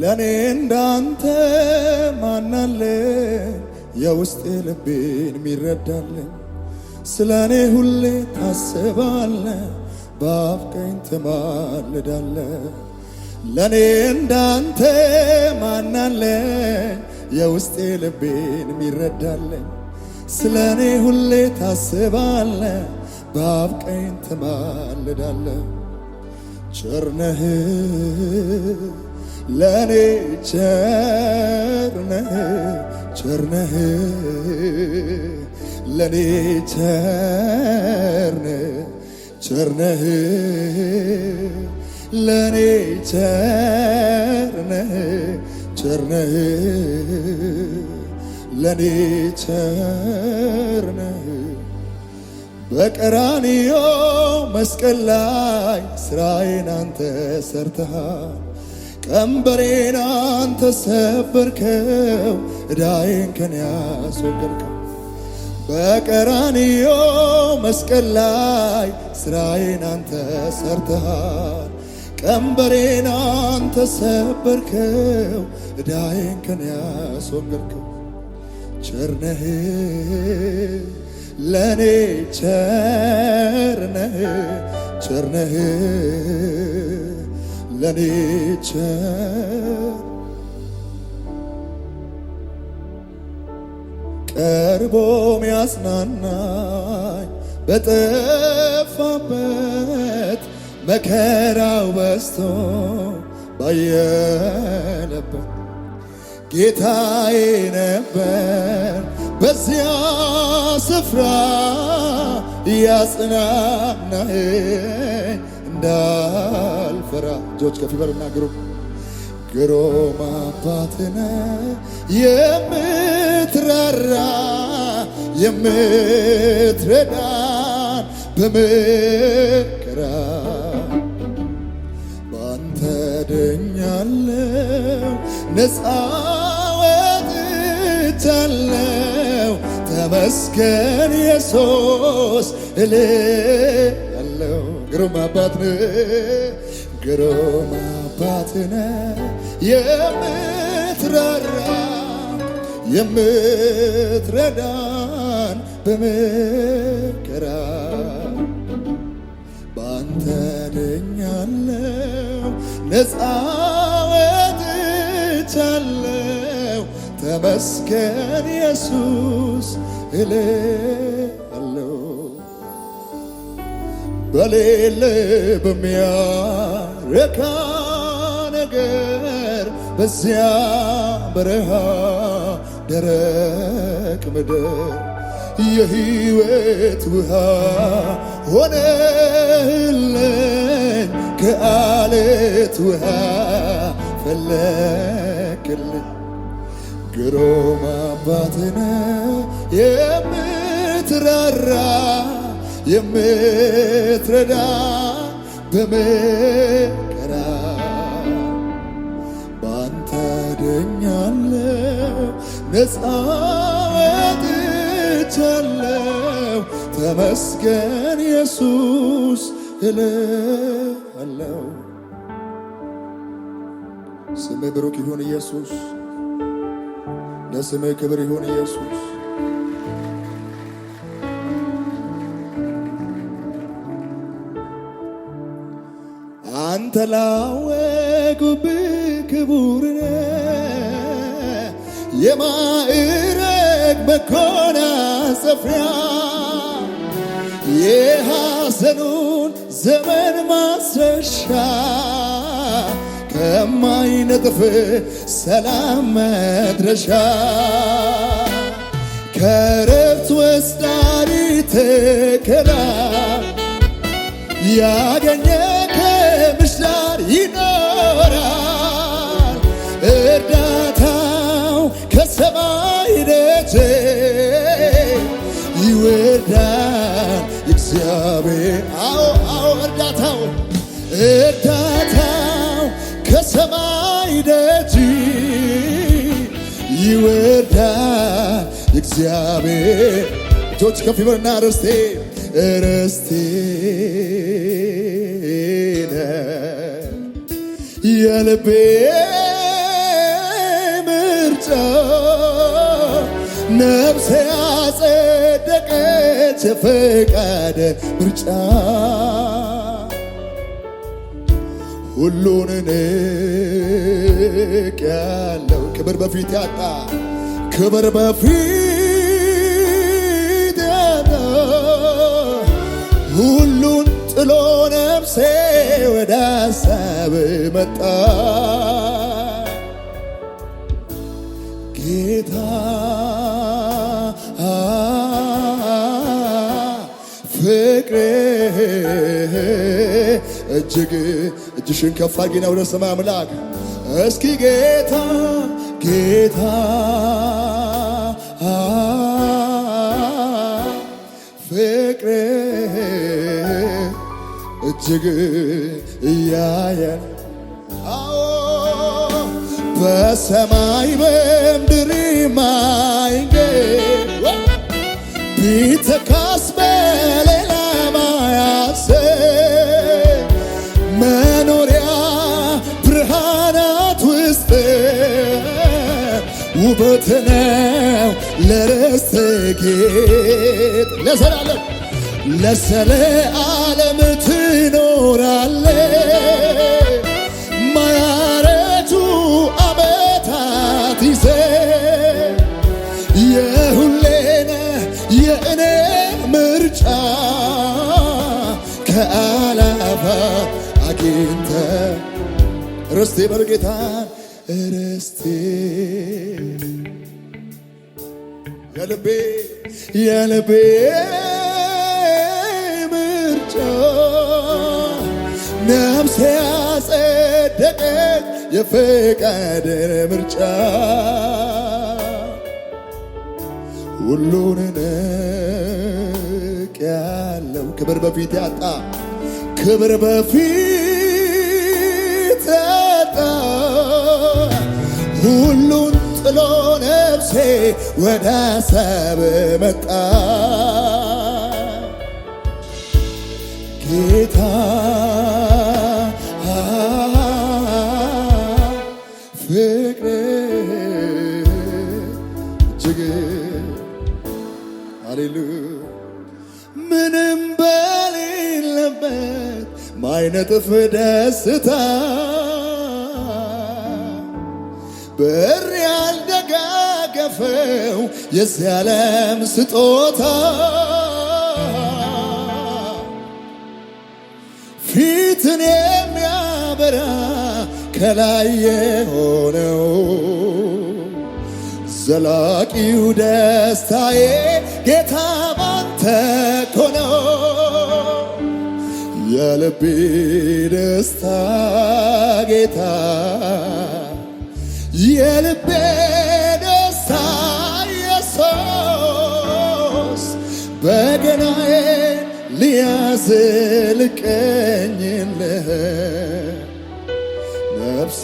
ለኔ እንዳንተ ማናለ የውስጤ ልቤን ሚረዳለን ስለ እኔ ሁሌ ታስባለ በአፍቀኝ ትማልዳለ ለኔ እንዳንተ ማናለን የውስጤ ልቤን ሚረዳለን ስለ እኔ ሁሌ ታስባለ በአፍቀኝ ትማልዳለ ቸርነህ ለኔ ቸርነህ ቸርነህ ለኔ ቸርነህ ቸርነህ ለኔ ቸርነህ ቸርነህ ለኔ ቸርነህ በቀራንዮ መስቀል ላይ ስራዬን አንተ ሰርተሃል ቀንበሬን አንተ ሰበርከው፣ ዕዳዬን ከኔ አስወገድከው። በቀራንዮ መስቀል ላይ ስራዬን አንተ ሰርተሃል። ቀንበሬን አንተ ሰበርከው፣ ዕዳዬን ከኔ አስወገድከው። ቸርነህ ለእኔ ቸርነህ ቸርነህ ለኔ ቸር ቀርቦ ሚያጽናናኝ በጠፋበት መከራው በዝቶ ባየለበት ጌታዬ ነበር በዚያ ስፍራ ያጽናናኝ እንዳልፈራ እጆች ከፍ ይበሉና ግሩም ግሩም አባትነ የምትራራ የምትረዳ በመከራ ባንተ ድኛለው ነፃ ወጥቻለው ተመስገን ኢየሱስ እልል ግሩም አባት ነህ፣ ግሩም አባት ነህ፣ የምትራራ የምትረዳን በመከራ በአንተ ድኛለሁ፣ ነፃ ወጥቻለሁ። ተመስገን ኢየሱስ እልል በሌለ በሚያረካ ነገር በዚያ በረሃ ደረቅ ምድር የህይወት ውሃ ሆነልኝ ከአለት ውሃ ፈለቅልኝ ግሩም አባትነ የምትራራ የምትረዳ በመከራ ባንተ ድኛለሁ፣ ነፃ ወጥቻለሁ። ተመስገን ኢየሱስ እልሃለሁ። ስምህ ብሩክ ይሁን ኢየሱስ፣ ለስምህ ክብር ይሁን ኢየሱስ አተላወቁብህ ክቡር ነህ የማዕረግ መጎናጸፊያ የሐዘኑን ዘመን ማስረሻ ከማይነጥፍ ሰላም መድረሻ ከረፍት ወስዳሪ ተከላ ያገኘ እርዳታው እርዳታው ከሰማይ ደጅ ይወርዳል እግዚአብሔር። እጆች ከፍ ይበሉና ርስቴ ርስቴ የልቤ ምርጫ ነፍሴ ያጸደቀች ፈቃደ ምርጫ ሁሉን ንቅ ያለው ክብር በፊት ያጣ ክብር በፊት ያጣ ሁሉን ጥሎ ነፍሴ ወደ ሀሳብ መጣ ፍቅርህ እጅግ እጅሽን ከፍ አድርጊና ወደ ሰማይ አምላክ እስኪ ጌታ ጌታ ፍቅርህ እጅግ እያየን በሰማይ በምድር ማይንገ ቢተካ ሞት ነው ለርስት ጌጥ ለዘላለም ለሰለ ዓለም ትኖራለ ማያረጁ ዓመታት ይዘ የሁሌነ የእኔ ምርጫ ከአላፋ አግኝተ ርስቴ በርጌታን ርስቴ የልቤ የልቤ ምርጫ ነፍሴ ያጸደቀች የፈቃድ ምርጫ ሁሉን ንቅ ያለው ክብር በፊት ያጣ ክብር በፊት ሁሉን ጥሎ ነፍሴ ወደ ሰብ መጣ ጌታ ፍቅር እጅግ አሌሉ ምንም በሌለበት ማይነጥፍ ደስታ በር ያልደጋገፈው የዚህ ዓለም ስጦታ ፊትን የሚያበራ ከላይ የሆነው ዘላቂው ደስታዬ ጌታ ባንተ እኮ የልቤ ደስታ ጌታ የልቤ ደስታ ኢየሱስ በገናዬን ልያዝ ልቀኝልህ ነፍሴ